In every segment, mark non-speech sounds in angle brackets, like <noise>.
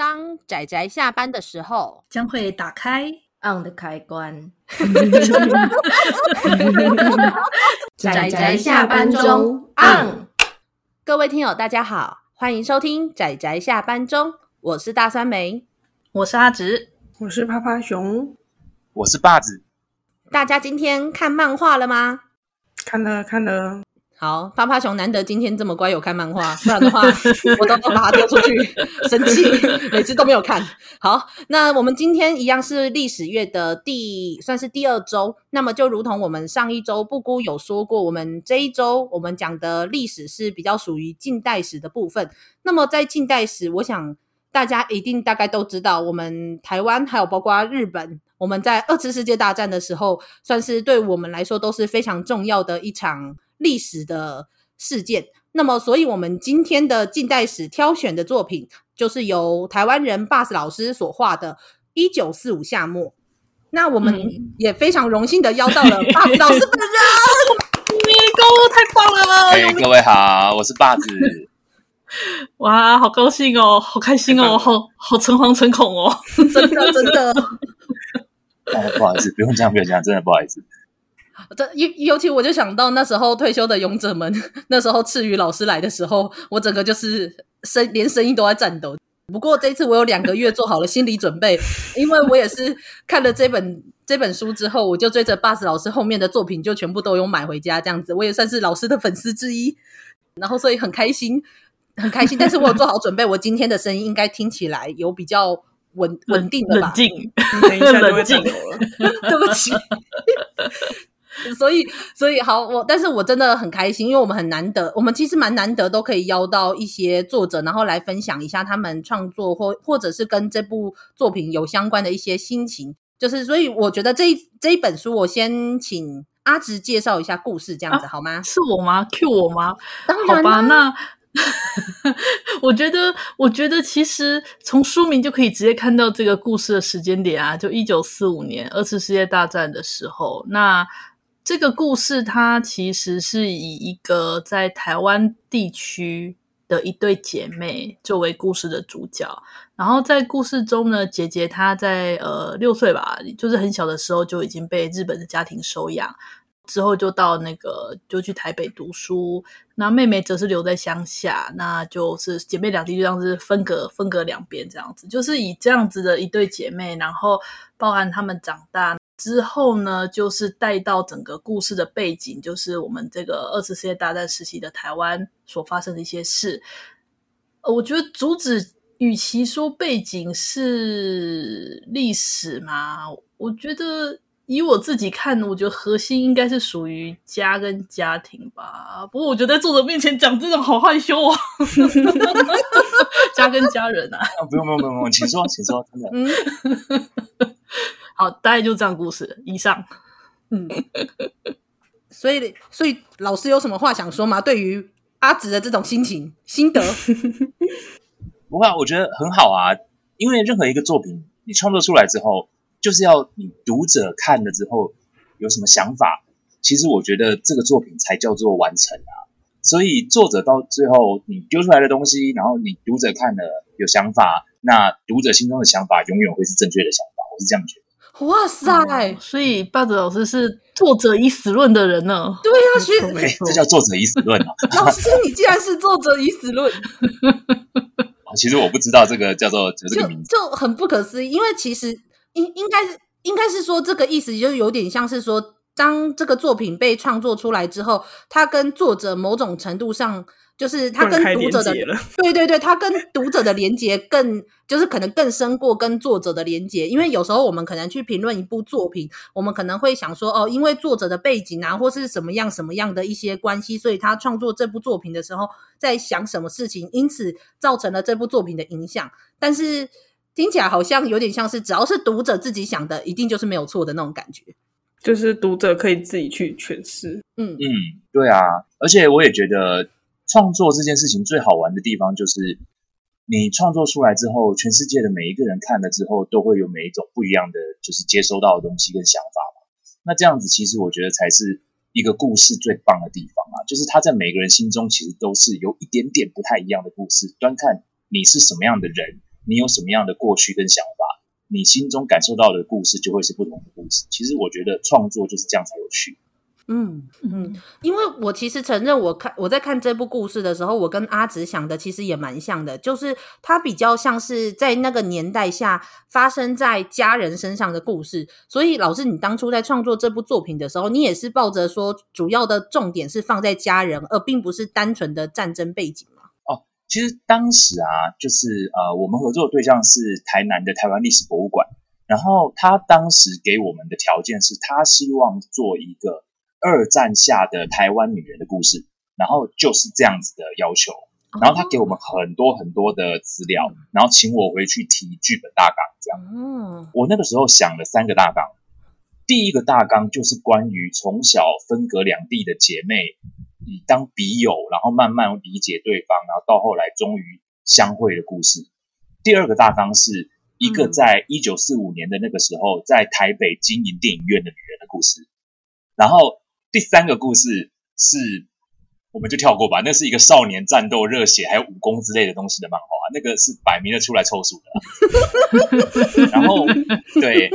當宅宅下班的時候，將會打開 on、嗯、的開關。宅宅下班中 o、嗯、各位聽友，大家好，歡迎收聽宅宅下班中，我是大酸梅，我是阿直，我是趴趴熊，我是爸子。大家今天看漫畫了嗎？看了，看了。好，趴趴熊難得今天這麼乖，有看漫畫，不然的話我都不把它丟出去， <laughs> 生氣，每次都沒有看。好，那我們今天一樣是歷史月的第，算是第二周。那麼就如同我們上一周布姑有說過，我們這一周我們講的歷史是比較屬於近代史的部分。那麼在近代史，我想大家一定大概都知道，我們台灣還有包括日本，我們在二次世界大戰的時候，算是對我們來說都是非常重要的一場。歷史的事件，那麼，所以我們今天的近代史挑選的作品，就是由台灣人 BARZ 老師所畫的《一九四五夏末》。那我們也非常榮幸的邀到了 BARZ 老師本人，你夠太棒了！各位好，我是 BARZ。哇，好高興哦，好開心哦，好好誠惶誠恐哦， <laughs> 真的真的、哎。不好意思，不用這樣，不用這樣，真的不好意思。尤尤其，我就想到那時候退休的勇者們，那時候赤羽老師來的時候，我整個就是聲連聲音都在顫抖。不過這次我有兩個月做好了心理準備，因為我也是看了這本 <laughs> 這本書之後，我就追着 BARZ 老師後面的作品，就全部都有買回家這樣子，我也算是老師的粉絲之一。然後所以很開心，很開心。但是我有做好準備，我今天的聲音應該聽起來有比較穩穩定的吧？冷靜， <laughs> <laughs> <laughs> 對不起。 <laughs> 所以，所以好，我但是我真的很開心，因為我們很難得，我們其實蠻難得都可以邀到一些作者，然後來分享一下他們創作或或者是跟這部作品有相關的一些心情。就是，所以我覺得這一這一本書，我先請阿直介紹一下故事，這樣子好嗎、啊？是我嗎？Q 我嗎？啊、好吧，那 <laughs> 我覺得，我覺得其實從書名就可以直接看到這個故事的時間點啊，就一九四五年，二次世界大戰的時候，那。這個故事它其實是以一個在台灣地區的一對姐妹作為故事的主角，然後在故事中呢，姐姐她在呃六歲吧，就是很小的時候就已經被日本的家庭收養，之後就到那個就去台北讀書，那妹妹則是留在鄉下，那就是姐妹兩地就像是分隔分隔兩邊這樣子，就是以這樣子的一對姐妹，然後包含她們長大。之後呢，就是帶到整個故事的背景，就是我們這個二次世界大戰時期的台灣所發生的一些事。呃，我覺得主旨與其說背景是歷史嘛，我覺得以我自己看，我覺得核心應該是屬於家跟家庭吧。不過我覺得在作者面前講這種好害羞哦。 <laughs> <laughs> 家跟家人啊，啊不用不用不用，請說請說真的。 <laughs> 好，大概就這樣。故事以上，嗯，所以，所以老師有什麼話想說嗎？對於阿紫的這種心情心得， <laughs> 不會、啊，我覺得很好啊。因為任何一個作品，你創作出來之後，就是要你讀者看了之後有什麼想法。其實我覺得這個作品才叫做完成啊。所以作者到最後，你丟出來的東西，然後你讀者看了有想法，那讀者心中的想法永遠會是正確的想法。我是這樣覺得。哇塞！嗯、所以霸者老師是作者已死論的人呢？沒錯對呀、啊，欸，所以這叫作者已死論、啊。 <laughs> 老師，你竟然是作者已死論？ <laughs> 其實我不知道這個叫做這個名字，就很不可思議。因為其實應該應該是應該是說這個意思，就有點像是說，當這個作品被創作出來之後，它跟作者某種程度上。就是他跟讀者的對對對，他跟讀者的連結更就是可能更深過跟作者的連接，因為有時候我們可能去評論一部作品，我們可能會想說哦，因為作者的背景啊，或是什麼樣什麼樣的一些關係，所以他創作這部作品的時候在想什麼事情，因此造成了這部作品的影響。但是聽起來好像有點像是只要是讀者自己想的，一定就是沒有錯的那種感覺，就是讀者可以自己去詮釋。嗯嗯，對啊，而且我也覺得。創作這件事情最好玩的地方就是，你創作出來之後，全世界的每一個人看了之後，都會有每一種不一樣的，就是接收到的東西跟想法嘛。那這樣子，其實我覺得才是一個故事最棒的地方啊，就是它在每個人心中其實都是有一點點不太一樣的故事。端看你是什麼樣的人，你有什麼樣的過去跟想法，你心中感受到的故事就會是不同的故事。其實我覺得創作就是這樣才有趣。嗯嗯，因為我其實承認，我看我在看這部故事的時候，我跟阿紫想的其實也蠻像的，就是它比較像是在那個年代下發生在家人身上的故事。所以，老師，你當初在創作這部作品的時候，你也是抱着說主要的重點是放在家人，而並不是單純的戰爭背景嘛。哦，其實當時啊，就是呃，我們合作的對象是台南的台灣歷史博物館，然後他當時給我們的條件是，他希望做一個。二戰下的台灣女人的故事，然後就是這樣子的要求，然後他給我們很多很多的資料，然後請我回去提劇本大綱，這樣。嗯，我那個時候想了三個大綱，第一個大綱就是關於從小分隔兩地的姐妹，以當筆友，然後慢慢理解對方，然後到後來終於相會的故事。第二個大綱是一個在一九四五年的那個時候，在台北經營電影院的女人的故事，然後。第三個故事是，我們就跳過吧。那是一個少年戰鬥熱血、還有武功之類的東西的漫畫啊，那個是擺明了出來湊數的。 <laughs> 然後，對，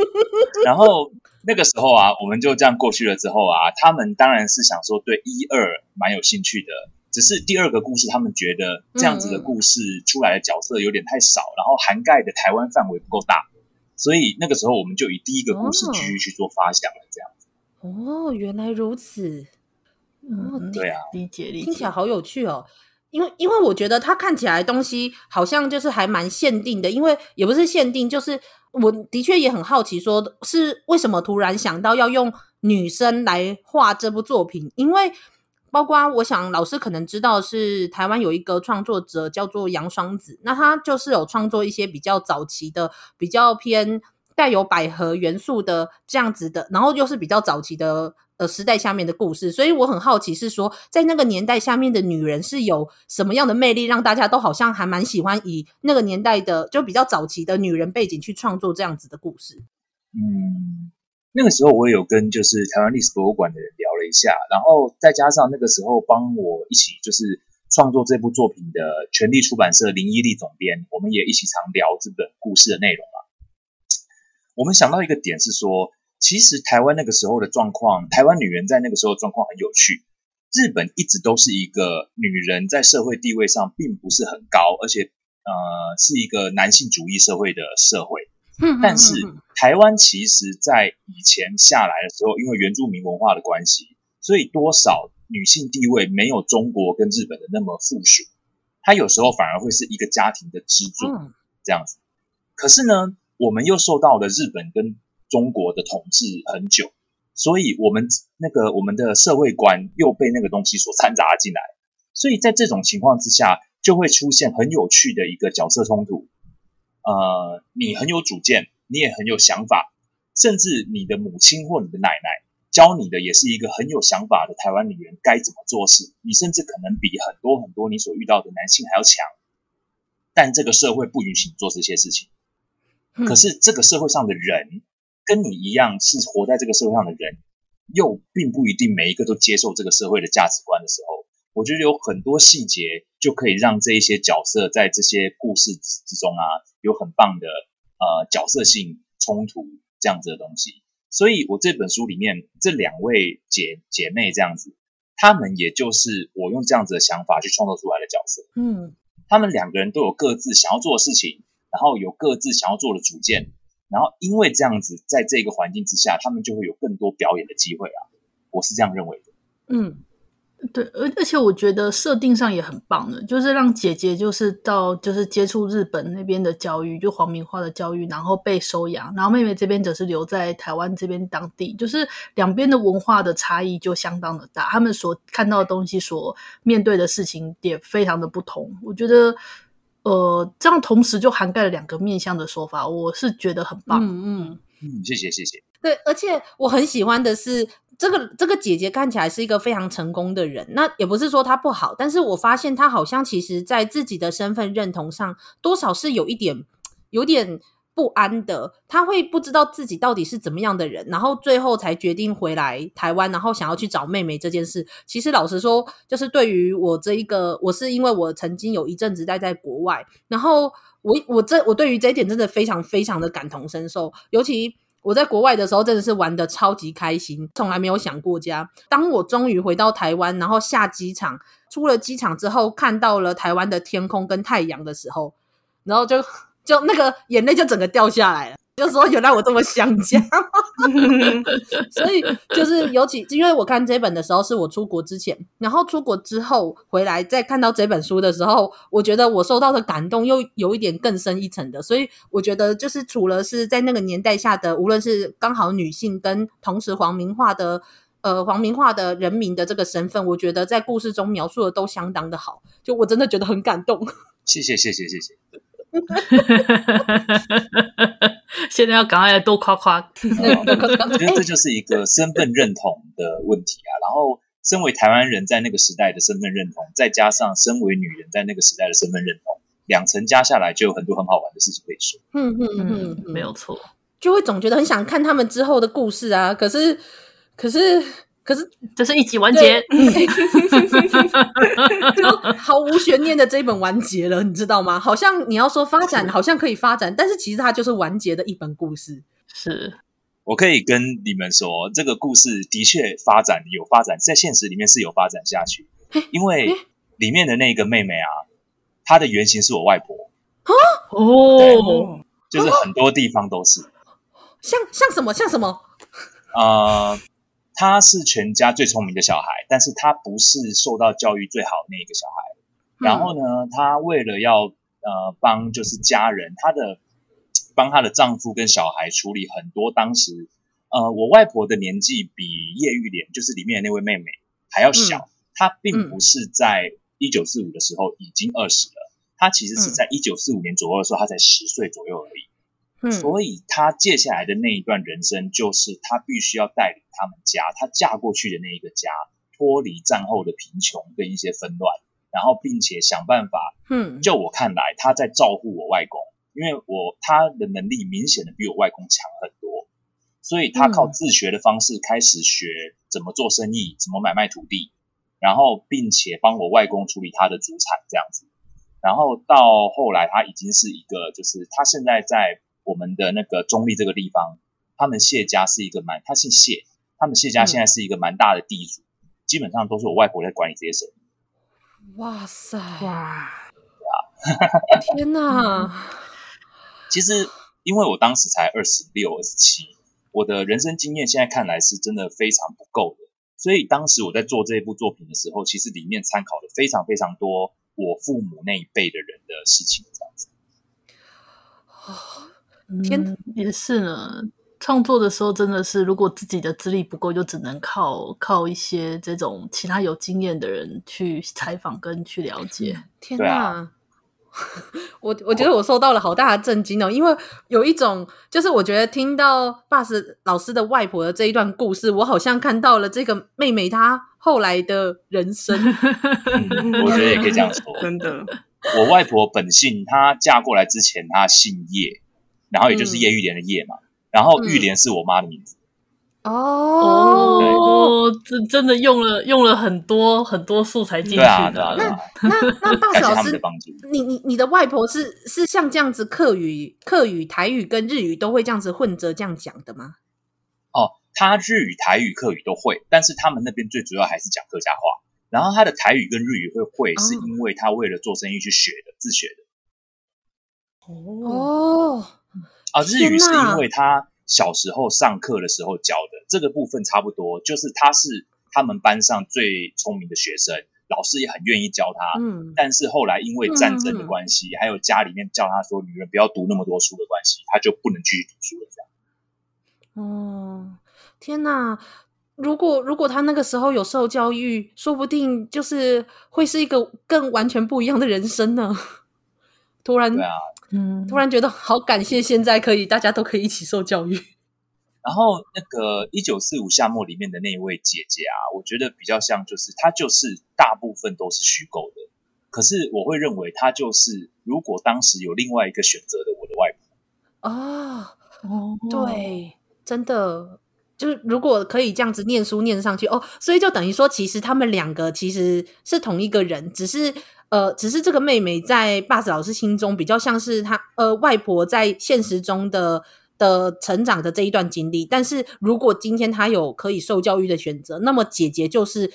然後那個時候啊，我們就這樣過去了之後啊，他們當然是想說對一二蠻有興趣的，只是第二個故事他們覺得這樣子的故事出來的角色有點太少，嗯、然後涵蓋的台灣範圍不夠大，所以那個時候我們就以第一個故事繼續去做發想了，哦、這樣。哦，原來如此。哦，對啊、嗯，理解聽理解，聽起來好有趣哦。解因為因為我覺得它看起來東西好像就是還蠻限定的，因為也不是限定，就是我的確也很好奇，說是為什麼突然想到要用女生來畫這部作品？因為包括我想，老師可能知道是台灣有一個創作者叫做楊雙子，那他就是有創作一些比較早期的比較偏。帶有百合元素的這樣子的，然後又是比較早期的呃時代下面的故事，所以我很好奇是說，在那個年代下面的女人是有什麼樣的魅力，讓大家都好像還蠻喜歡以那個年代的就比較早期的女人背景去創作這樣子的故事。嗯，那個時候我也有跟就是台灣歷史博物館的人聊了一下，然後再加上那個時候幫我一起就是創作這部作品的全力出版社林依俐總編，我們也一起常聊這本故事的內容啊。我們想到一個點是說，其實台灣那個時候的狀況，台灣女人在那個時候的狀況很有趣。日本一直都是一個女人在社會地位上並不是很高，而且呃是一個男性主義社會的社會。嗯。但是台灣其實，在以前下來的時候，因為原住民文化的關係，所以多少女性地位沒有中國跟日本的那麼富庶。她有時候反而會是一個家庭的支柱，這樣子。可是呢，我們又受到了日本跟中國的統治很久，所以我們那個我們的社會觀又被那個東西所摻雜進來，所以在這種情況之下，就會出現很有趣的一個角色衝突。呃，你很有主見，你也很有想法，甚至你的母親或你的奶奶教你的也是一個很有想法的台灣女人該怎麼做事，你甚至可能比很多很多你所遇到的男性還要強，但這個社會不允許你做這些事情。可是這個社會上的人跟你一樣是活在這個社會上的人，又並不一定每一個都接受這個社會的價值觀的時候，我覺得有很多細節就可以讓這一些角色在這些故事之中啊，有很棒的呃角色性衝突這樣子的東西。所以我這本書裡面這兩位姐姐妹這樣子，她們也就是我用這樣子的想法去創造出來的角色。嗯，她們兩個人都有各自想要做的事情。然後有各自想要做的主見，然後因為這樣子，在這個環境之下，他們就會有更多表演的機會啊！我是這樣認為的。嗯，對，而而且我覺得設定上也很棒的，就是讓姐姐就是到就是接觸日本那邊的教育，就皇民化的教育，然後被收養，然後妹妹這邊則是留在台灣這邊當地，就是兩邊的文化的差異就相當的大，他們所看到的東西，所面對的事情也非常的不同，我覺得。呃，這樣同時就涵蓋了兩個面向的說法，我是覺得很棒。嗯嗯嗯，謝謝謝謝。對，而且我很喜歡的是，這個這個姐姐看起來是一個非常成功的人，那也不是說她不好，但是我發現她好像其實在自己的身份認同上，多少是有一點，有點。不安的，他會不知道自己到底是怎麼樣的人，然後最後才決定回來台灣，然後想要去找妹妹這件事。其實老實說，就是對於我這一個，我是因為我曾經有一陣子待在國外，然後我我這我對於這一點真的非常非常的感同身受。尤其我在國外的時候，真的是玩得超級開心，從來沒有想過家。當我終於回到台灣，然後下機場，出了機場之後，看到了台灣的天空跟太陽的時候，然後就。就那個眼淚就整個掉下來了，就說原來我這麼想家， <laughs> 所以就是尤其因為我看這本的時候是我出國之前，然後出國之後回來再看到這本書的時候，我覺得我受到的感動又有一點更深一層的，所以我覺得就是除了是在那個年代下的，無論是剛好女性跟同時皇民化的呃皇民化的人民的這個身份，我覺得在故事中描述的都相當的好，就我真的覺得很感動。謝謝謝謝謝謝。謝謝謝謝 <laughs> 現在要趕快多誇誇、 <laughs> 哦。我覺得這就是一個身份認同的問題啊。然後，身為台灣人在那個時代的身份認同，再加上身為女人在那個時代的身份認同，兩層加下來，就有很多很好玩的事情可以說。嗯嗯嗯，沒有錯。就會總覺得很想看他們之後的故事啊。可是，可是。可是，這是一集完結，嗯、 <laughs> <laughs> 就毫無懸念的這一本完結了，你知道嗎？好像你要說發展，好像可以發展，但是其實它就是完結的一本故事。是。我可以跟你們說，這個故事的確發展有發展，在現實裡面是有發展下去，欸、因為裡面的那個妹妹啊，她的原型是我外婆哈對哦，就是很多地方都是，啊、像像什麼像什麼啊。呃他是全家最聰明的小孩，但是他不是受到教育最好的那一個小孩。嗯、然後呢，他為了要呃幫就是家人，他的幫她的丈夫跟小孩處理很多。當時呃，我外婆的年紀比葉玉蓮就是裡面的那位妹妹還要小。她、嗯、並不是在一九四五的時候已經二十了，她、嗯、其實是在一九四五年左右的時候，她才十歲左右而已。所以她接下來的那一段人生，就是她必須要帶領他們家，她嫁過去的那一個家，脫離戰後的貧窮跟一些紛亂，然後並且想辦法。嗯。就我看來，她在照顧我外公，因為我，他的能力明顯的比我外公強很多，所以她靠自學的方式開始學怎麼做生意，怎麼買賣土地，然後並且幫我外公處理他的祖產這樣子，然後到後來他已經是一個，就是他現在在。我們的那個中立這個地方，他們謝家是一個蠻，他姓謝，他們謝家現在是一個蠻大的地主，嗯、基本上都是我外婆在管理這些生意。哇塞！哇，哇天哪！嗯、其實因為我當時才二十六、二十七，我的人生經驗現在看來是真的非常不夠的，所以當時我在做這一部作品的時候，其實裡面參考了非常非常多我父母那一輩的人的事情這樣子。哦嗯、天哪也是呢，創作的時候真的是，如果自己的資歷不夠，就只能靠靠一些這種其他有經驗的人去採訪跟去了解。天啊哪，我我，我覺得我受到了好大的震驚哦，我因為有一種就是我覺得聽到 BARZ 老師的外婆的這一段故事，我好像看到了這個妹妹她後來的人生。嗯、我覺得也可以這樣說， <laughs> 真的。我外婆本姓她嫁過來之前她姓葉。然後也就是葉玉蓮的葉嘛，嗯、然後玉蓮是我媽的名字。嗯、哦，就是、這真的用了用了很多很多素材進去。對啊、對啊、對啊、那那那 BARZ 老師， <laughs> 你你你的外婆是是像這樣子客語、客語、台語跟日語都會這樣子混着這樣講的嗎？哦，他日語、台語、客語都會，但是他們那邊最主要還是講客家話。然後他的台語跟日語會會是因為他為了做生意去學的、哦、自學的。哦。啊，日語是因為他小時候上課的時候教的。天哪，這個部分差不多，就是他是他們班上最聰明的學生，老師也很願意教他。嗯，但是後來因為戰爭的關係，嗯、還有家裡面叫他說女人不要讀那麼多書的關係，他就不能繼續讀書了這樣。哦、嗯，天吶，如果如果他那個時候有受教育，說不定就是會是一個更完全不一樣的人生呢。突然，對啊。嗯，突然覺得好感謝，現在可以大家都可以一起受教育。然後那個一九四五夏末裡面的那一位姐姐啊，我覺得比較像，就是她就是大部分都是虛構的，可是我會認為她就是如果當時有另外一個選擇的我的外婆。哦，對，哦，真的。就是如果可以這樣子念書念上去哦，所以就等於說，其實他們兩個其實是同一個人，只是呃，只是這個妹妹在 BARZ 老師心中比較像是她，呃，外婆在現實中的的成長的這一段經歷。但是如果今天她有可以受教育的選擇，那麼姐姐就是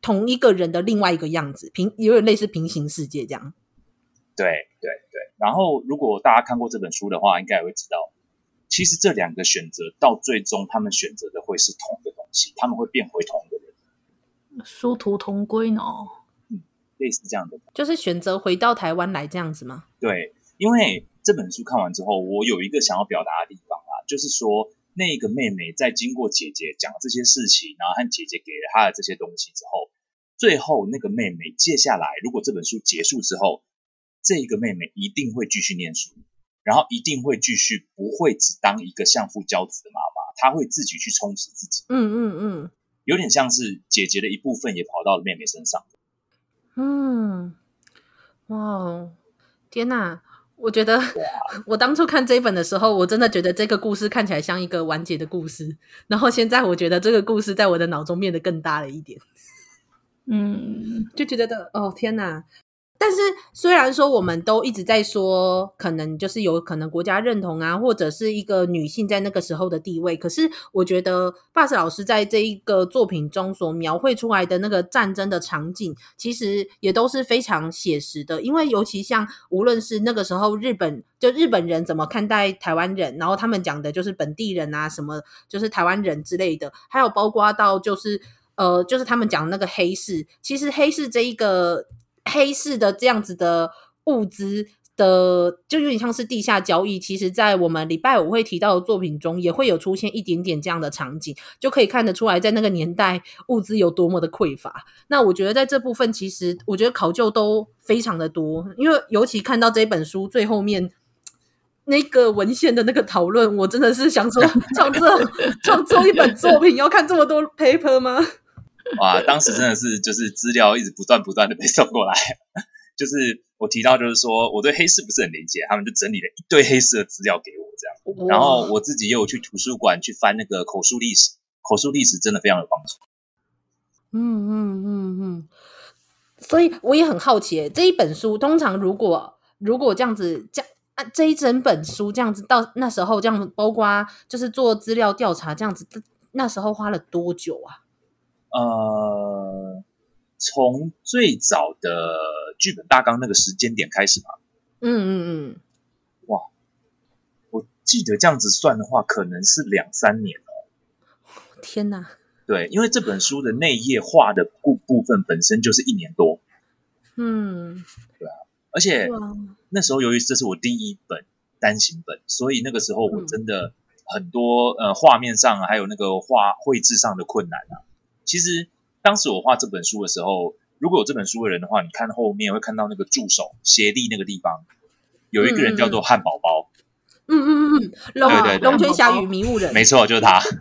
同一個人的另外一個樣子，平也有點類似平行世界這樣。對對對，然後如果大家看過這本書的話，應該也會知道。其實這兩個選擇，到最終他們選擇的會是同一個東西，他們會變回同一個人，殊途同歸呢。嗯，類似這樣的，就是選擇回到台灣來這樣子嗎？對，因為這本書看完之後，我有一個想要表達的地方啊，就是說那一個妹妹在經過姐姐講這些事情，然後和姐姐給了她的這些東西之後，最後那個妹妹接下來，如果這本書結束之後，這一個妹妹一定會繼續念書。然後一定會繼續，不會只當一個相夫教子的媽媽，她會自己去充實自己。嗯嗯嗯，嗯嗯有點像是姐姐的一部分也跑到了妹妹身上。嗯，哇哦，天吶，我覺得，哇我當初看這一本的時候，我真的覺得這個故事看起來像一個完結的故事。然後現在，我覺得這個故事在我的腦中變得更大了一點。嗯，就覺得的，哦天吶但是，雖然說我們都一直在說，可能就是有可能國家認同啊，或者是一個女性在那個時候的地位。可是，我覺得 BARZ 老師在這一個作品中所描繪出來的那個戰爭的場景，其實也都是非常寫實的。因為，尤其像無論是那個時候日本，就日本人怎麼看待台灣人，然後他們講的就是本地人啊，什麼就是台灣人之類的，還有包括到就是呃，就是他們講那個黑市，其實黑市這一個。黑市的這樣子的物資的，就有點像是地下交易。其實，在我們禮拜五會提到的作品中，也會有出現一點點這樣的場景，就可以看得出來，在那個年代物資有多麼的匱乏。那我覺得在這部分，其實我覺得考究都非常的多，因為尤其看到這一本書最後面那個文獻的那個討論，我真的是想說，創作創作一本作品要看這麼多 paper 嗎？哇，當時真的是就是資料一直不斷不斷的被送過來，就是我提到就是說我對黑市不是很了解，他們就整理了一堆黑市的資料給我這樣，哇然後我自己又去圖書館去翻那個口述歷史，口述歷史真的非常有幫助。嗯嗯嗯嗯，所以我也很好奇，這一本書通常如果如果這樣子這樣啊，這一整本書這樣子到那時候這樣，包括就是做資料調查這樣子，那時候花了多久啊？呃，從最早的劇本大綱那個時間點開始吧。嗯嗯嗯，哇，我記得這樣子算的話，可能是兩三年哦。天哪！對，因為這本書的內頁畫的部部分本身就是一年多。嗯，對啊。而且哇那時候由於這是我第一本單行本，所以那個時候我真的很多、嗯、呃畫面上還有那個畫繪製上的困難啊。其實當時我畫這本書的時候，如果有這本書的人的話，你看後面會看到那個助手協力那個地方，有一個人叫做漢堡包。嗯嗯嗯，龍、嗯、對、嗯嗯嗯嗯嗯、對，嗯、對對龍泉俠雨、嗯、迷霧人、哦，沒錯，就是他。 <laughs>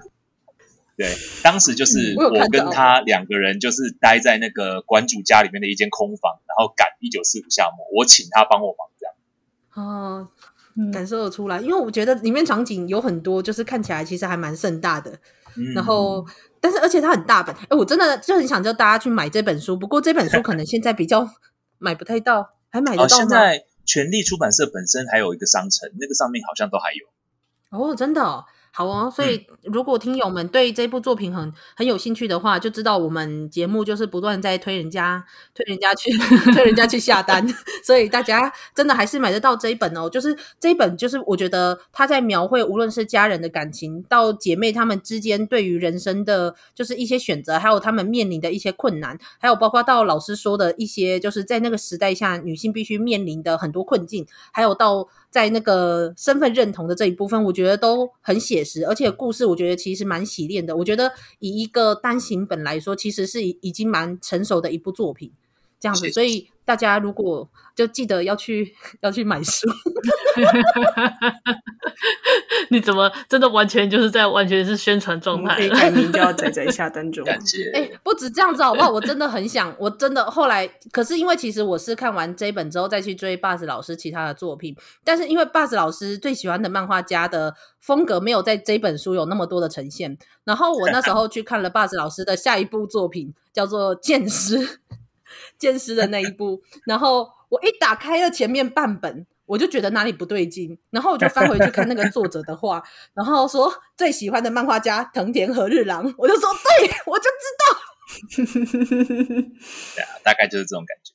對，當時就是我跟他兩個人，就是待在那個館主家裡面的一間空房，然後趕一九四五夏末，我請他幫我忙，這樣。哦、嗯，感受得出來，因為我覺得裡面場景有很多，就是看起來其實還蠻盛大的。然後，但是而且它很大本，哎，我真的就很想叫大家去買這本書。不過這本書可能現在比較買不太到， <laughs> 還買得到嗎？哦，現在權力出版社本身還有一個商城，那個上面好像都還有。哦，真的哦。好哦，所以如果聽友們對這部作品很很有興趣的話，就知道我們節目就是不斷在推人家、推人家去、推人家去下單， <laughs> 所以大家真的還是買得到這一本哦。就是這一本，就是我覺得他在描繪，無論是家人的感情，到姐妹她們之間對於人生的，就是一些選擇，還有她們面臨的一些困難，還有包括到老師說的一些，就是在那個時代下女性必須面臨的很多困境，還有到。在那個身份認同的這一部分，我覺得都很寫實，而且故事我覺得其實蠻洗練的。我覺得以一個單行本來說，其實是已已經蠻成熟的一部作品，這樣子。所以。是大家如果就記得要去要去買書， <laughs> <laughs> 你怎麼真的完全就是在完全是宣傳狀態？可以改名叫宅宅下單中。感覺謝哎、欸，不止這樣子好不好？我真的很想，我真的後來，可是因為其實我是看完這一本之後再去追 BARZ 老師其他的作品，但是因為 BARZ 老師最喜歡的漫畫家的風格沒有在這本書有那麼多的呈現，然後我那時候去看了 BARZ 老師的下一部作品， <laughs> 叫做《劍師》。見識的那一步，然後我一打開了前面半本，我就覺得哪裡不對勁，然後我就翻回去看那個作者的話， <laughs> 然後說最喜歡的漫畫家 <laughs> 藤田和日郎，我就說對，我就知道 <laughs> ，啊，大概就是這種感覺。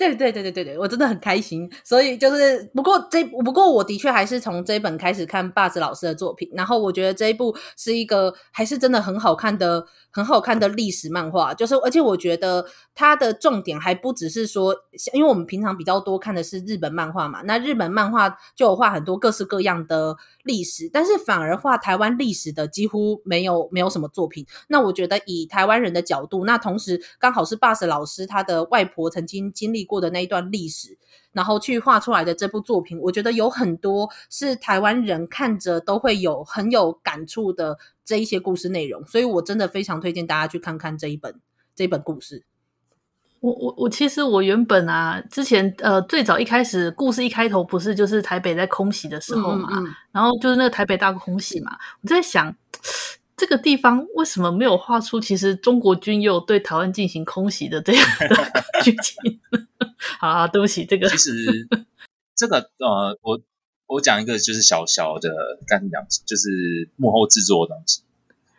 對對對對對對，我真的很開心。所以就是，不過這不過我的確還是從這本開始看 BARZ 老師的作品。然後我覺得這一部是一個還是真的很好看的、很好看的歷史漫畫。就是，而且我覺得它的重點還不只是說，因為我們平常比較多看的是日本漫畫嘛。那日本漫畫就有畫很多各式各樣的歷史，但是反而畫台灣歷史的幾乎沒有沒有什麼作品。那我覺得以台灣人的角度，那同時剛好是 BARZ 老師他的外婆曾經經歷過。過的那一段歷史，然後去畫出來的這部作品，我覺得有很多是台灣人看着都會有很有感觸的這一些故事內容，所以我真的非常推薦大家去看看這一本這一本故事。我我我，其實我原本啊，之前呃，最早一開始故事一開頭不是就是台北在空襲的時候嘛，嗯嗯、然後就是那個台北大空襲嘛，我在想這個地方為什麼沒有畫出其實中國軍有對台灣進行空襲的這樣的劇情？ <laughs> <laughs> 好，好，對不起，這個 <laughs> 其實這個呃，我我講一個就是小小的，但是講，就是幕後製作的東西。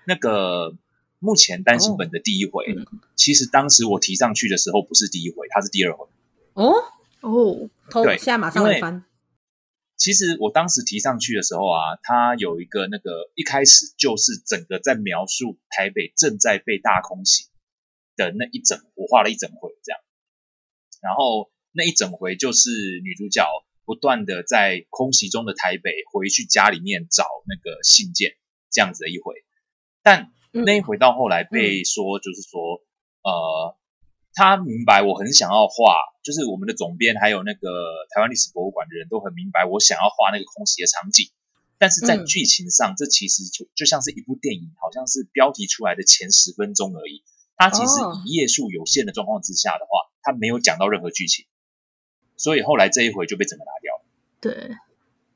那個目前單行本的第一回，哦、其實當時我提上去的時候不是第一回，它是第二回。哦哦，哦偷對，現在馬上會翻。其實我當時提上去的時候啊，它有一個那個一開始就是整個在描述台北正在被大空襲的那一整，我畫了一整回這樣。然後那一整回就是女主角不斷的在空襲中的台北回去家裡面找那個信件，這樣子的一回，但那一回到後來被說就是說，呃，他明白我很想要畫，就是我們的總編還有那個台灣歷史博物館的人都很明白我想要畫那個空襲的場景，但是在劇情上，這其實就就像是一部電影，好像是標題出來的前十分鐘而已。它其實以頁數有限的狀況之下的話。他沒有講到任何劇情，所以後來這一回就被整個拿掉了。對，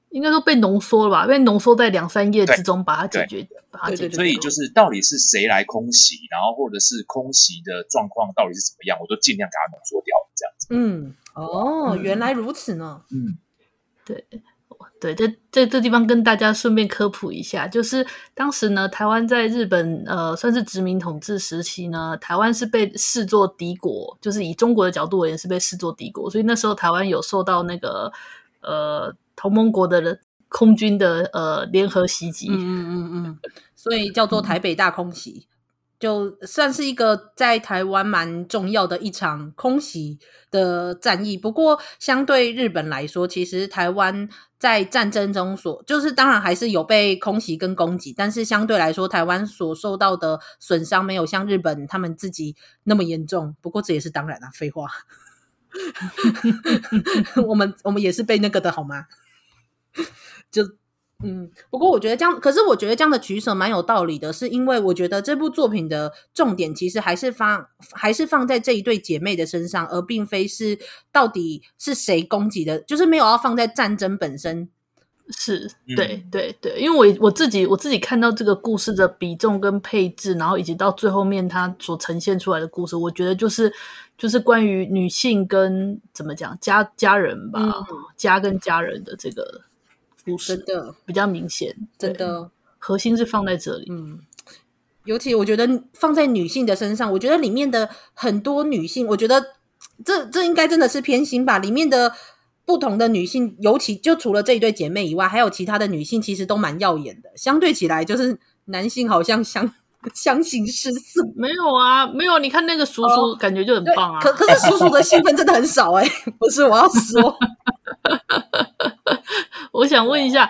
應該說被濃縮了吧？被濃縮在兩三頁之中把它解決掉。對對對。所以就是到底是誰來空襲，然後或者是空襲的狀況到底是怎麼樣，我都盡量把它濃縮掉，這樣子。嗯，哦，嗯，原來如此呢。嗯，對。對，這這這地方跟大家順便科普一下，就是當時呢，台灣在日本呃算是殖民統治時期呢，台灣是被視作敵國，就是以中國的角度而言是被視作敵國，所以那時候台灣有受到那個呃同盟國的空軍的呃聯合襲擊，嗯嗯嗯，所以叫做台北大空襲。嗯就算是一個在台灣蠻重要的一場空襲的戰役，不過相對日本來說，其實台灣在戰爭中所就是當然還是有被空襲跟攻擊，但是相對來說，台灣所受到的損傷沒有像日本他們自己那麼嚴重。不過這也是當然啦、啊，廢話， <laughs> <laughs> <laughs> 我們我們也是被那個的好嗎？ <laughs> 就。嗯，不過我覺得這樣，可是我覺得這樣的取捨蠻有道理的，是因為我覺得這部作品的重點其實還是放，還是放在這一對姐妹的身上，而並非是到底是誰攻擊的，就是沒有要放在戰爭本身。是，對對對，因為我我自己我自己看到這個故事的比重跟配置，然後以及到最後面它所呈現出來的故事，我覺得就是就是關於女性跟怎麼講家家人吧，嗯、家跟家人的這個。不是真的，比較明顯，真的對對核心是放在這裡。嗯，尤其我覺得放在女性的身上，我覺得裡面的很多女性，我覺得這這應該真的是偏心吧。裡面的不同的女性，尤其就除了這一對姐妹以外，還有其他的女性，其實都蠻耀眼的。相對起來，就是男性好像相。相信是四沒有啊，沒有、啊。你看那個叔叔，感覺就很棒啊。哦欸、可可是，叔叔的戲份真的很少哎、欸。 <laughs> 不是，我要說， <laughs> 我想問一下，哦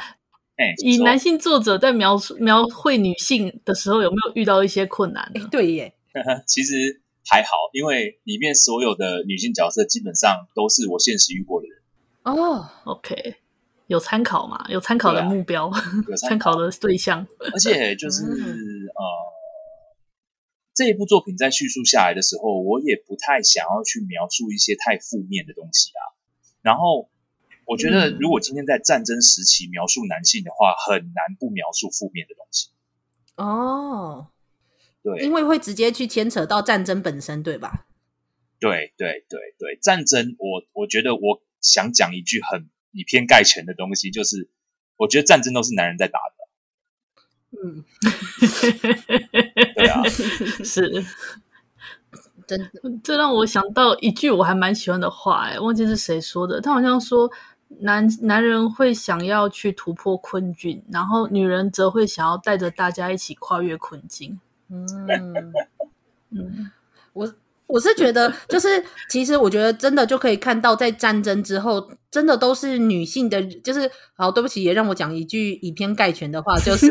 欸、以男性作者在描述描繪女性的時候，有沒有遇到一些困難、啊欸？對耶， <laughs> 其實還好，因為裡面所有的女性角色基本上都是我現實遇過的人。哦，OK，有參考嘛？有參考的目標，啊、參考的對象， <laughs> 對象而且就是、嗯、呃。這一部作品在敘述下來的時候，我也不太想要去描述一些太負面的東西啊。然後，我覺得如果今天在戰爭時期描述男性的話，嗯，很難不描述負面的東西。哦，對，因為會直接去牽扯到戰爭本身，對吧？對對對對，戰爭，我我覺得我想講一句很以偏概全的東西，就是我覺得戰爭都是男人在打的。嗯， <laughs> 啊、是，真的，這讓我想到一句我還蠻喜歡的話，哎，忘記是誰說的，他好像說男男人會想要去突破困境，然後女人則會想要帶着大家一起跨越困境。嗯嗯， <laughs> 嗯我。我是覺得，就是其實我覺得真的就可以看到，在戰爭之後，真的都是女性的，就是好，對不起，也讓我講一句以偏概全的話，就是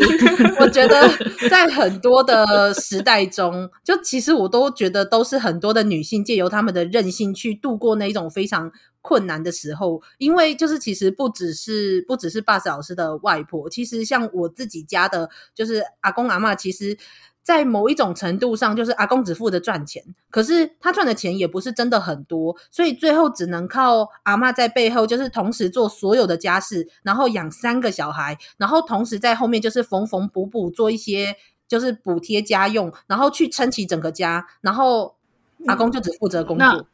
我覺得在很多的時代中，就其實我都覺得都是很多的女性借由她們的韌性去度過那一種非常困難的時候，因為就是其實不只是不只是 BARZ 老師的外婆，其實像我自己家的，就是阿公阿嬤，其實。在某一種程度上，就是阿公只負責賺錢，可是他賺的錢也不是真的很多，所以最後只能靠阿嬤在背後，就是同時做所有的家事，然後養三個小孩，然後同時在後面就是縫縫補補，做一些就是補貼家用，然後去撐起整個家，然後阿公就只負責工作。嗯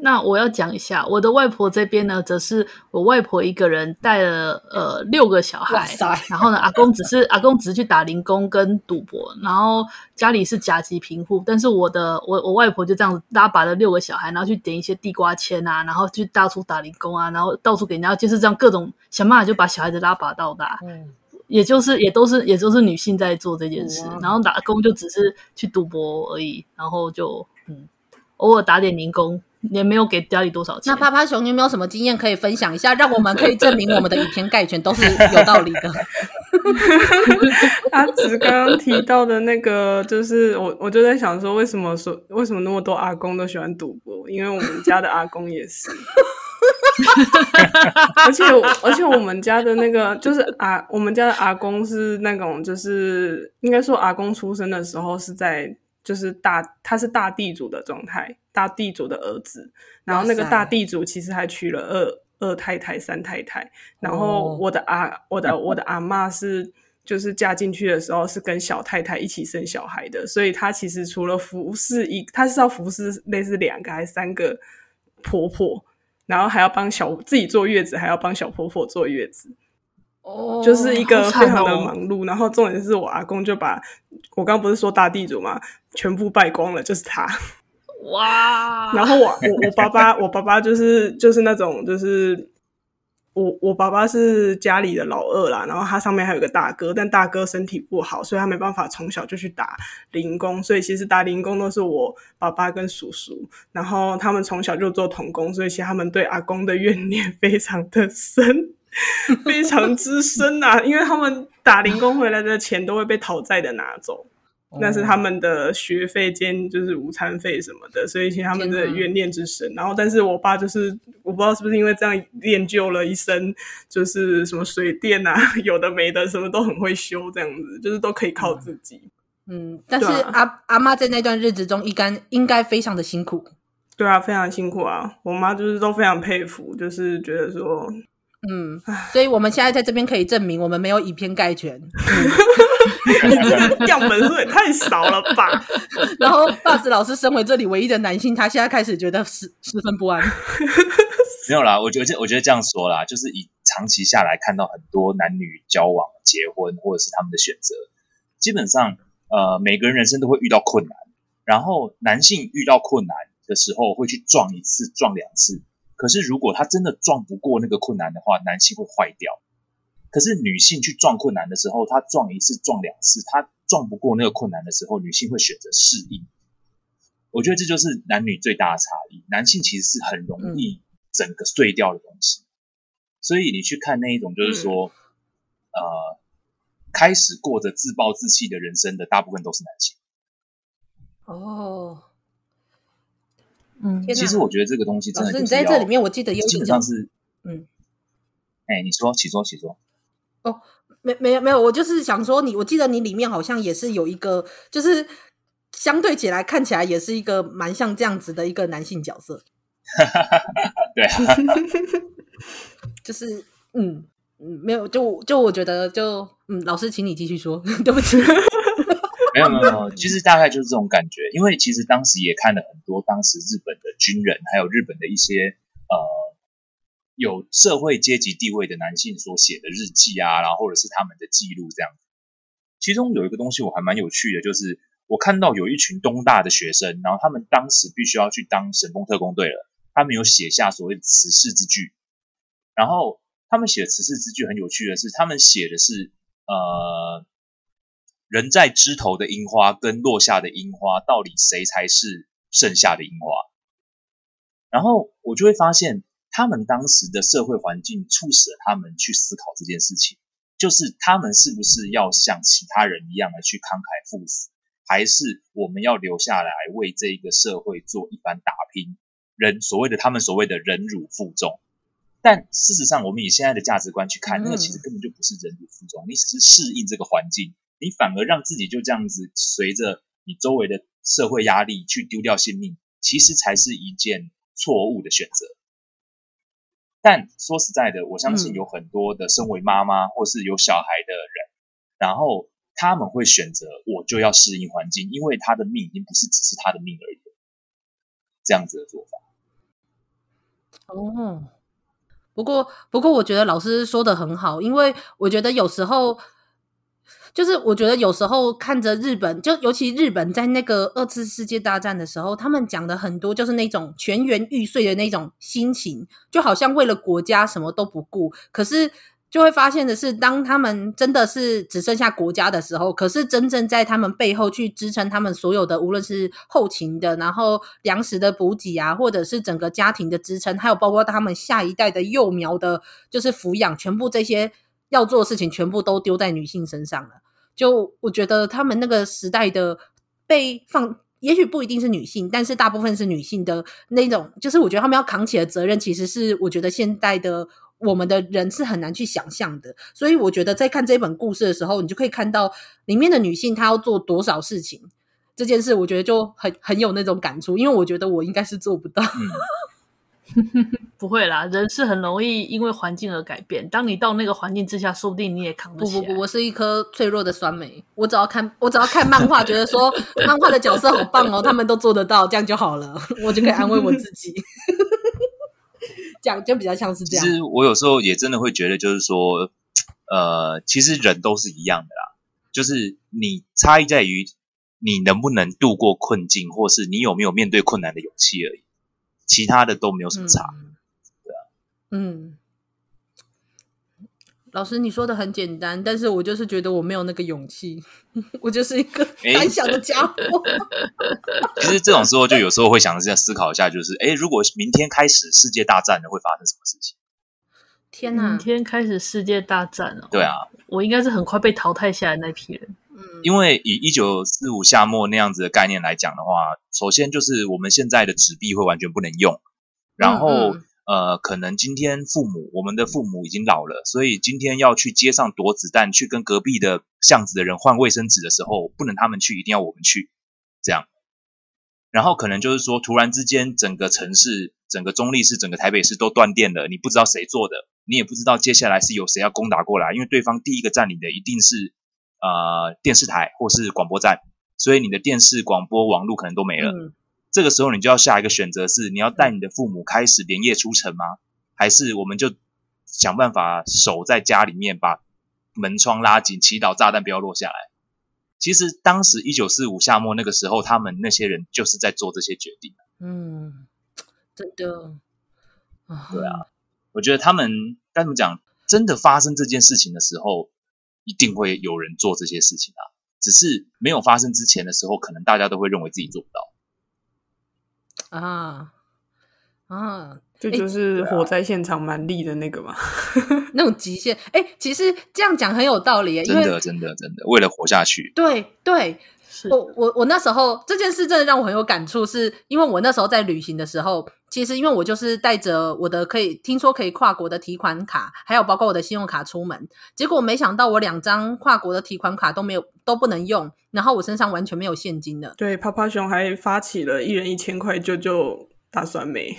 那我要講一下，我的外婆這邊呢，則是我外婆一個人帶了呃六個小孩，塞然後呢， <laughs> 阿公只是 <laughs> 阿公只是去打零工跟賭博，然後家裡是甲級貧戶，但是我的我我外婆就這樣子拉拔了六個小孩，然後去點一些地瓜籤啊，然後去到處打零工啊，然後到處給人家就是這樣各種想辦法就把小孩子拉拔到大，嗯也、就是也，也就是也都是也都是女性在做這件事，哇然後打工就只是去賭博而已，然後就嗯偶爾打點零工。也沒有給家裡多少錢。那趴趴熊，你有沒有什麼經驗可以分享一下，讓我們可以證明我們的以偏概全都是有道理的？阿直剛剛提到的那個，就是我，我就在想說，為什麼說為什麼那麼多阿公都喜歡賭博？因為我們家的阿公也是。 <laughs> <laughs> 而且而且我們家的那個就是阿，我們家的阿公是那種就是應該說阿公出生的時候是在就是大，他是大地主的狀態。大地主的兒子，然後那個大地主其實還娶了二二太太、三太太，然後我的阿、oh. 我的我的阿媽是就是嫁進去的時候是跟小太太一起生小孩的，所以她其實除了服侍一，她是要服侍類似兩個還是三個婆婆，然後還要幫小自己坐月子，還要幫小婆婆坐月子，哦，oh. 就是一個非常的忙碌。Oh. 然後重點是我阿公就把我剛不是說大地主嘛，全部敗光了，就是他。哇！然後我我我爸爸，我爸爸就是就是那種就是我我爸爸是家裡的老二啦，然後他上面還有個大哥，但大哥身體不好，所以他沒辦法從小就去打零工，所以其實打零工都是我爸爸跟叔叔，然後他們從小就做童工，所以其實他們對阿公的怨念非常的深，非常之深啊，因為他們打零工回來的錢都會被討債的拿走。那是他們的學費兼就是午餐費什麼的，所以其實他們的怨念之深。然後，但是我爸就是我不知道是不是因為這樣練就了一身，就是什麼水電啊有的沒的什麼都很會修，這樣子就是都可以靠自己。嗯，但是阿、啊、阿嬤在那段日子中一干應該非常的辛苦。對啊，非常辛苦啊！我媽就是都非常佩服，就是覺得說。嗯，所以我們現在在這邊可以證明，我們沒有以偏概全。嗯，樣本數太少了吧？然後 BARZ 老師身為這裡唯一的男性，他現在開始覺得十十分不安。 <laughs> 沒有啦，我覺得我覺得這樣說啦，就是以長期下來看到很多男女交往、結婚或者是他們的選擇，基本上呃每個人人生都會遇到困難。然後男性遇到困難的時候，會去撞一次、撞兩次。可是，如果他真的撞不過那個困難的話，男性會壞掉。可是，女性去撞困難的時候，她撞一次、撞兩次，她撞不過那個困難的時候，女性會選擇適應。我覺得這就是男女最大的差異。男性其實是很容易整個碎掉的東西。嗯。所以你去看那一種，就是說，嗯。呃，開始過着自暴自棄的人生的，大部分都是男性。哦。其實我覺得這個東西真的是，老師，你在這裡面，我記得基本上是，嗯，哎、欸，你說，起坐，起坐，哦，沒，沒有，沒有，我就是想說你，我記得你裡面好像也是有一個，就是相對起來看起來也是一個蠻像這樣子的一個男性角色， <laughs> 對、啊， <laughs> 就是，嗯嗯，沒有，就就我覺得就，就嗯，老師，請你繼續說， <laughs> 對不起。沒有沒有，其實大概就是這種感覺，因為其實當時也看了很多當時日本的軍人，還有日本的一些呃有社會階級地位的男性所寫的日記啊，然後或者是他們的記錄這樣子。其中有一個東西我還蠻有趣的，就是我看到有一群東大的學生，然後他們當時必須要去當神風特攻隊了，他們有寫下所謂的辭世之句。然後他們寫的辭世之句很有趣的是，他們寫的是呃，人在枝頭的櫻花跟落下的櫻花，到底誰才是剩下的櫻花？然後我就會發現，他們當時的社會環境促使了他們去思考這件事情，就是他們是不是要像其他人一樣來去慷慨赴死，還是我們要留下來為這個社會做一番打拼？人所謂的他們所謂的忍辱負重，但事實上，我們以現在的價值觀去看，嗯、那個其實根本就不是忍辱負重，你只是適應這個環境。你反而讓自己就這樣子，隨着你周圍的社會壓力去丟掉性命，其實才是一件錯誤的選擇。但說實在的，我相信有很多的身為媽媽、嗯、或是有小孩的人，然後他們會選擇我就要適應環境，因為他的命已經不是只是他的命而已。這樣子的做法。哦、嗯，不過不過，我覺得老師說得很好，因為我覺得有時候。就是我覺得有時候看着日本，就尤其日本在那個二次世界大戰的時候，他們講的很多就是那種全員玉碎的那種心情，就好像為了國家什麼都不顧。可是就會發現的是，當他們真的是只剩下國家的時候，可是真正在他們背後去支撐他們所有的，無論是後勤的，然後糧食的補給啊，或者是整個家庭的支撐，還有包括他們下一代的幼苗的，就是撫養全部這些。要做的事情全部都丟在女性身上了。就我覺得他們那個時代的被放，也許不一定是女性，但是大部分是女性的那種。就是我覺得他們要扛起的責任，其實是我覺得現代的我們的人是很難去想象的。所以我覺得在看這本故事的時候，你就可以看到裡面的女性她要做多少事情這件事，我覺得就很很有那種感觸，因為我覺得我應該是做不到。嗯 <laughs> 不會啦，人是很容易因為環境而改變。當你到那個環境之下，說不定你也扛不起來。不不不，我是一顆脆弱的酸梅。我只要看，我只要看漫畫，覺得說 <laughs> 漫畫的角色好棒哦，他們都做得到，這樣就好了，我就可以安慰我自己。這 <laughs> 樣就比較像是這樣。其實我有時候也真的會覺得，就是說，呃，其實人都是一樣的啦，就是你差異在於你能不能度過困境，或是你有沒有面對困難的勇氣而已。其他的都沒有什麼差，對、嗯、啊。嗯，老師，你說的很簡單，但是我就是覺得我沒有那個勇氣，我就是一個膽小的傢伙。欸、 <laughs> 其實這種時候就有時候會想，要思考一下，就是，哎、欸，如果明天開始世界大戰了，會發生什麼事情？天哪、啊！明天開始世界大戰了、哦，對啊，我應該是很快被淘汰下來的那批人。因為以一九四五夏末那樣子的概念來講的話，首先就是我們現在的紙幣會完全不能用，然後嗯嗯呃，可能今天父母我們的父母已經老了，所以今天要去街上躲子彈，去跟隔壁的巷子的人換衛生紙的時候，不能他們去，一定要我們去這樣。然後可能就是說，突然之間整個城市、整個中立市、整個台北市都斷電了，你不知道誰做的，你也不知道接下來是有誰要攻打過來，因為對方第一個佔領的一定是。呃，電視台或是廣播站，所以你的電視廣播網絡可能都沒了。嗯、這個時候，你就要下一個選擇是，你要帶你的父母開始連夜出城嗎？還是我們就想辦法守在家裡面，把門窗拉緊，祈禱炸彈不要落下來？其實當時一九四五夏末那個時候，他們那些人就是在做這些決定。嗯，真的。哦、對啊，我覺得他們該怎麼講？真的發生這件事情的時候。一定會有人做這些事情啊！只是沒有發生之前的時候，可能大家都會認為自己做不到。啊啊，這、啊、就，就是火災現場蠻力的那個嘛， <laughs> 那種極限。哎、欸，其實這樣講很有道理，啊、因為，真的真的真的為了活下去，對對。對我我我那時候這件事真的讓我很有感觸，是因為我那時候在旅行的時候，其實因為我就是帶着我的可以聽說可以跨國的提款卡，還有包括我的信用卡出門，結果沒想到我兩張跨國的提款卡都沒有都不能用，然後我身上完全沒有現金了。對，趴趴熊還發起了一人一千塊救救大酸梅。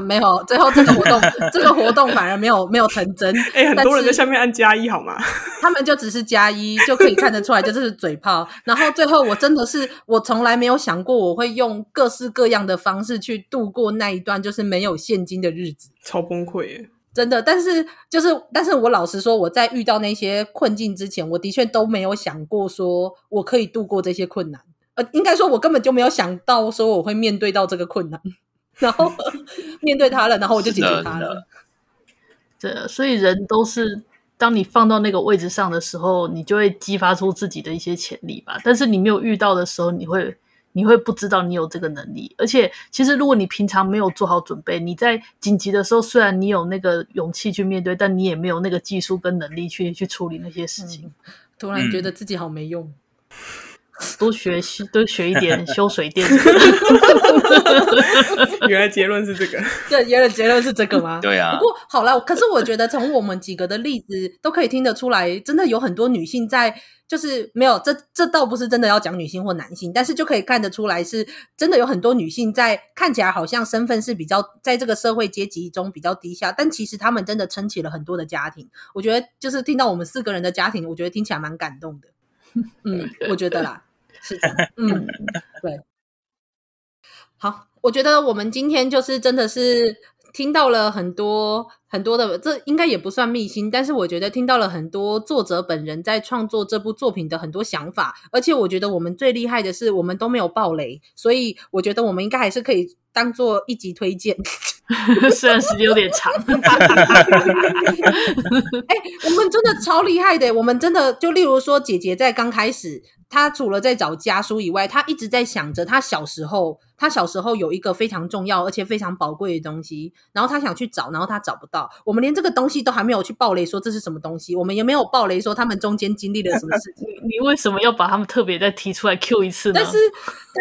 沒有，最後這個活動， <laughs> 這個活動反而沒有沒有成真。誒、欸、是很多人在下面按加一，好嗎？ <laughs> 他們就只是加一，1，就可以看得出來，就是嘴炮。 <laughs> 然後最後，我真的是我從來沒有想過，我會用各式各樣的方式去度過那一段就是沒有現金的日子，超崩潰耶！真的，但是就是，但是我老實說，我在遇到那些困境之前，我的確都沒有想過，說我可以度過這些困難。呃，應該說，我根本就沒有想到說我會面對到這個困難。 <laughs> 然後面對他了，然後我就解決他了。對，所以人都是，當你放到那個位置上的時候，你就會激發出自己的一些潛力吧。但是你沒有遇到的時候，你會你會不知道你有這個能力。而且，其實如果你平常沒有做好準備，你在緊急的時候，雖然你有那個勇氣去面對，但你也沒有那個技術跟能力去去處理那些事情。嗯。突然覺得自己好沒用。嗯多學習，多學一點修水電。 <laughs> <laughs> 原來結論是這個，對，原來結論是這個嗎？ <laughs> 對啊。不過好了，可是我覺得從我們幾個的例子都可以聽得出來，真的有很多女性在，就是沒有這這倒不是真的要講女性或男性，但是就可以看得出來，是真的有很多女性在看起來好像身份是比較在這個社會階級中比較低下，但其實她們真的撐起了很多的家庭。我覺得就是聽到我們四個人的家庭，我覺得聽起來蠻感動的。 <laughs> 嗯，我覺得啦，是的，嗯，對，好，我覺得我們今天就是真的是。聽到了很多很多的，這應該也不算秘辛，但是我覺得聽到了很多作者本人在創作這部作品的很多想法，而且我覺得我們最厲害的是我們都沒有爆雷，所以我覺得我們應該還是可以當做一集推薦， <laughs> <laughs> 雖然時間有點長。哎、 <laughs> 欸，我們真的超厲害的、欸，我們真的就例如說姐姐在剛開始。他除了在找家書以外，他一直在想着他小時候。他小時候有一個非常重要而且非常寶貴的東西，然後他想去找，然後他找不到。我們連這個東西都還沒有去爆雷，說這是什麼東西，我們也沒有爆雷說他們中間經歷了什麼事情。 <laughs> 你為什麼要把他們特別再提出來 Q 一次呢？但是，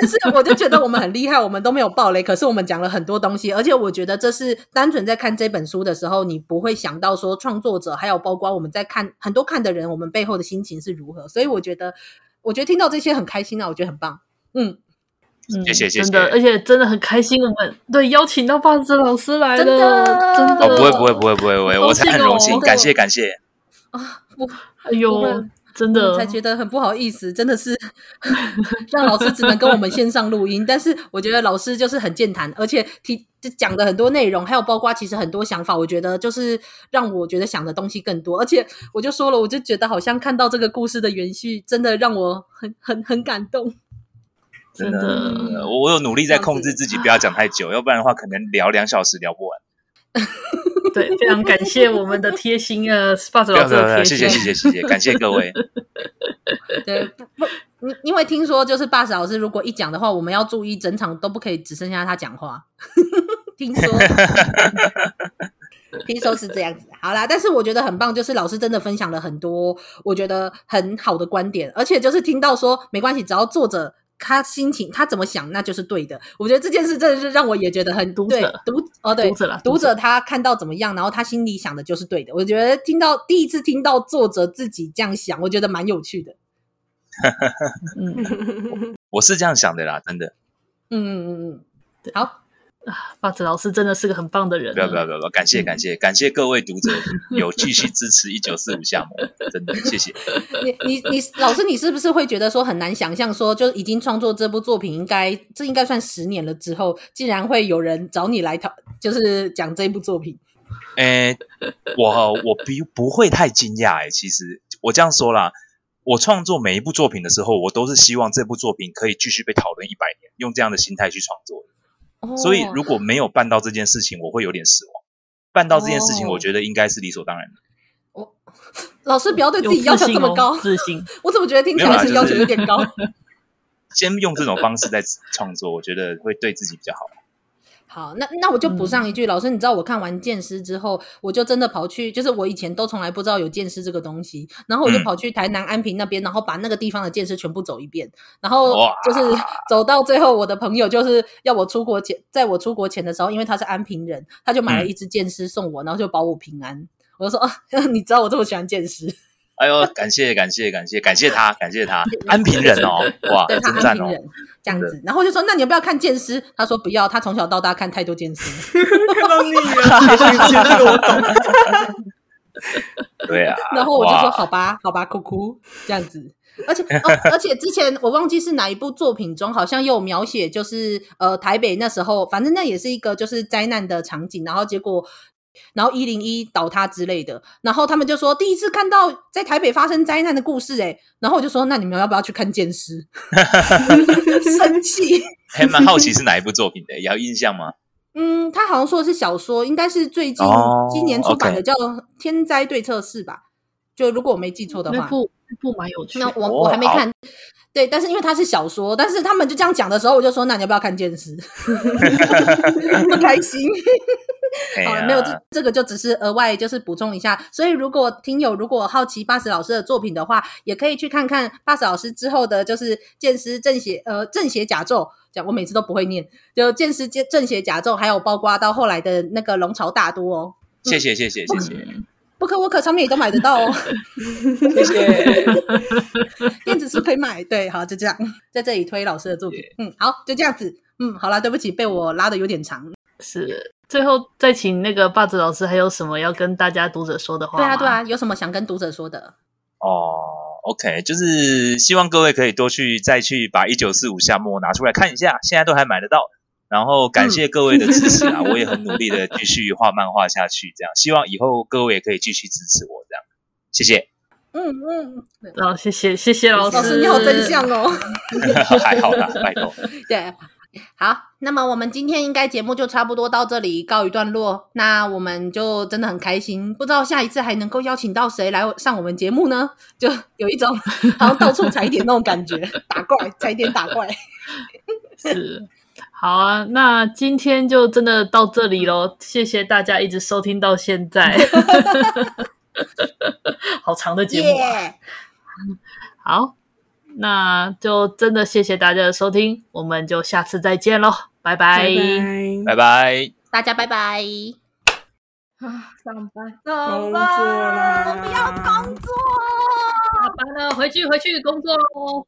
但是我就覺得我們很厲害， <laughs> 我們都沒有爆雷，可是我們講了很多東西，而且我覺得這是單純在看這本書的時候，你不會想到說創作者還有包括我們在看很多看的人，我們背後的心情是如何。所以我覺得。我覺得聽到這些很開心啊，我覺得很棒，嗯嗯，謝謝謝謝，真的，而且真的很開心，我們對邀請到 BARZ 老師來了，真的，真的哦，不會不會不會不會，我我才很榮幸，感謝、哦、感謝，感謝啊，我哎呦。真的、哦，我才覺得很不好意思，真的是讓老師只能跟我們線上錄音。 <laughs> 但是我覺得老師就是很健談，而且提就講的很多內容，還有包括其實很多想法，我覺得就是讓我覺得想的東西更多。而且我就說了，我就覺得好像看到這個故事的延續，真的讓我很很很感動。真的，我我有努力在控制自己不要講太久，要不然的話可能聊兩小時聊不完。 <laughs> <laughs> 對，非常感謝我們的貼心啊，BARZ 老師的貼心，謝謝謝謝謝謝，感謝各位。 <laughs> 對，因為聽說就是 BARZ 老師，如果一講的話，我們要注意，整場都不可以只剩下他講話。 <laughs> 聽說， <laughs> <laughs> 聽說是這樣子。好啦，但是我覺得很棒，就是老師真的分享了很多我覺得很好的觀點，而且就是聽到說沒關係，只要坐着。他心情，他怎麼想，那就是對的。我覺得這件事真的是讓我也覺得很讀者對讀哦，對，讀者讀者他看到怎麼樣，讀者。然後他心裡想的就是對的。我覺得聽到第一次聽到作者自己這樣想，我覺得蠻有趣的。嗯， <laughs> 我是這樣想的啦，真的。嗯嗯嗯嗯，好。啊，BARZ 老師真的是個很棒的人不。不要不要不要！感謝感謝感謝各位讀者有繼續支持一九四五夏末，真的謝謝。 <laughs> 你你你，老師你是不是會覺得說很難想象說，就已經創作這部作品應，應該這應該算十年了之後，竟然會有人找你來討，就是講這一部作品？哎、欸，我我不不會太驚訝哎。其實我這樣說啦，我創作每一部作品的時候，我都是希望這部作品可以繼續被討論一百年，用這樣的心態去創作所以如果沒有辦到這件事情，我會有點失望；辦到這件事情，我覺得應該是理所當然的。我、哦、老師不要對自己要求這麼高，自信、哦、自信。我怎麼覺得聽起來是要求有點高？就是、 <laughs> 先用這種方式在創作，我覺得會對自己比較好。好，那那我就補上一句，嗯、老師，你知道我看完劍獅之後，我就真的跑去，就是我以前都從來不知道有劍獅這個東西，然後我就跑去台南安平那邊，嗯、然後把那個地方的劍獅全部走一遍，然後就是走到最後，我的朋友就是要我出國前，在我出國前的時候，因為他是安平人，他就買了一隻劍獅送我，然後就保我平安。我說、啊，你知道我這麼喜歡劍獅。哎呦，感謝感謝感謝感謝他，感謝他，安平人哦，哇，他安平人，這樣子，對然後我就說，那你要不要看劍獅？他說不要，他從小到大看太多劍獅，我懂， <laughs> 對啊，然後我就說哇好吧，好吧，哭哭這樣子，而且，而、哦、而且之前我忘記是哪一部作品中，好像有描寫，就是呃，台北那時候，反正那也是一個就是災難的場景，然後結果。然後一零一倒塌之類的，然後他們就說第一次看到在台北發生災難的故事、欸，哎，然後我就說那你們要不要去看《劍師》 <laughs> 生氣？生氣 <laughs> 還蠻好奇是哪一部作品的、欸，有印象嗎？嗯，他好像說的是小說，應該是最近、oh, 今年出版的 okay. 叫《天災對策士》吧？就如果我沒記錯的話，那部那部蠻有趣的。那我我還沒看，oh. 對，但是因為它是小說，但是他們就這樣講的時候，我就說那你要不要看《劍師》 <laughs> 不開心。好、哎哦，沒有，這這個就只是額外，就是補充一下。所以如果聽友如果好奇巴斯老師的作品的話，也可以去看看巴斯老師之後的，就是《見識正邪》，呃，《正邪假咒》，講我每次都不會念，就《見識正正邪假咒》，還有包括到後來的那個《龍潮大都》哦。嗯、謝謝謝謝謝謝不可，不可，我可上面也都買得到哦。 <laughs> 謝謝，電子書可以買。對，好，就這樣，在這裡推老師的作品。謝謝。嗯，好，就這樣子。嗯，好啦，對不起，被我拉得有點長。是。最後再請那個 BARZ 老師，還有什麼要跟大家讀者說的話嗎？對啊，對啊，有什麼想跟讀者說的？哦、oh,，OK，就是希望各位可以多去再去把《一九四五夏末》拿出來看一下，現在都還買得到。然後感謝各位的支持啊，嗯、我也很努力的繼續畫漫畫下去，這樣希望以後各位也可以繼續支持我，這樣謝謝。嗯嗯，好、嗯，oh, 謝謝謝謝老師，老師你好，真相哦， <laughs> 還好啦，拜托。對。Yeah. 好，那麼我們今天應該節目就差不多到這裡告一段落。那我們就真的很開心，不知道下一次還能夠邀請到誰來上我們節目呢？就有一種好像到處踩點那種感覺， <laughs> 打怪踩點打怪。是，好啊，那今天就真的到這裡嘍。謝謝大家一直收聽到現在， <laughs> <laughs> 好長的節目啊，Yeah. 好。那就真的謝謝大家的收聽，我們就下次再見嘍，拜拜，拜拜，拜拜大家拜拜啊！上班，上班工作啦，我不要工作，上班了，回去回去工作嘍。